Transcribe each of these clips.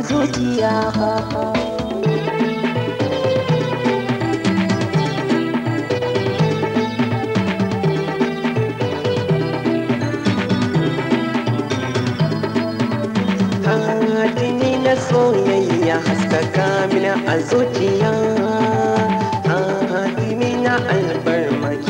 a zuciya ba soyayya haskaka mina a zuciya a hadimi na albarmaki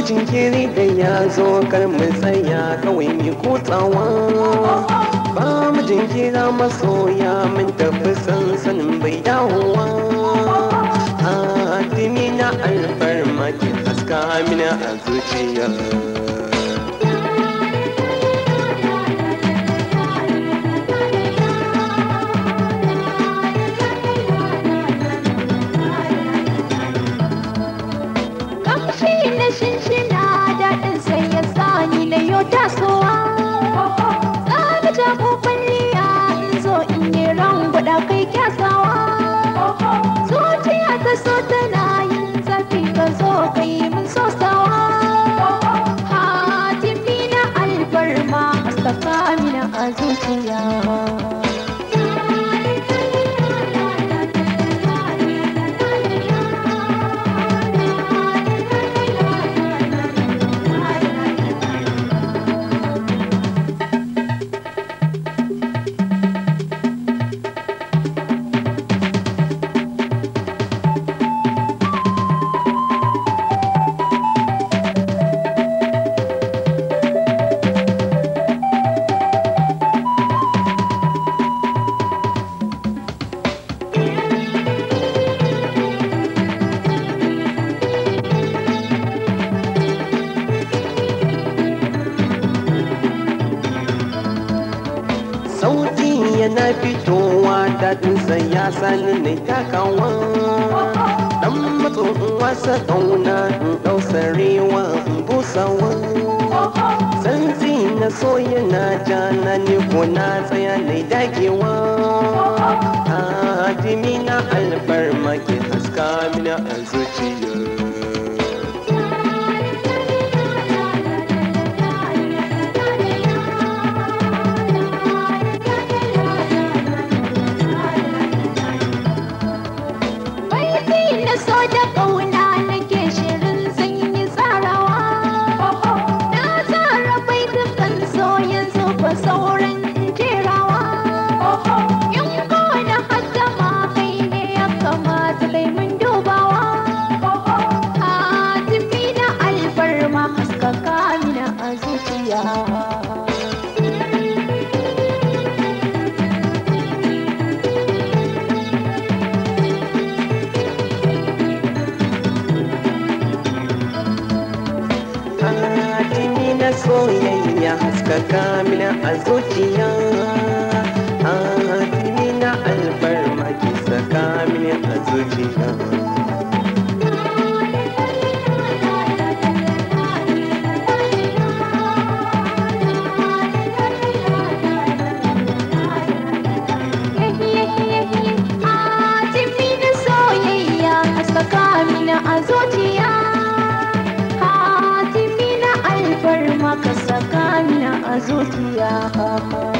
lokacin kere da ya zo kar mu tsaya kawai mai kotsawa ba mu jinkira masoya mun tafi sansanin bai dawowa a na alfarma ke haska mina a zuciya da kai kyasawa zuciya ta so tana yin zafi ka ta fitowa daɗinsa ya sani ne takawa dan ɗan in wasa ƙauna in busawa san na so na jana ne ko na tsaya ne dagewa ta na alfarma ke haska mina a своя ямска а азотия. Yeah,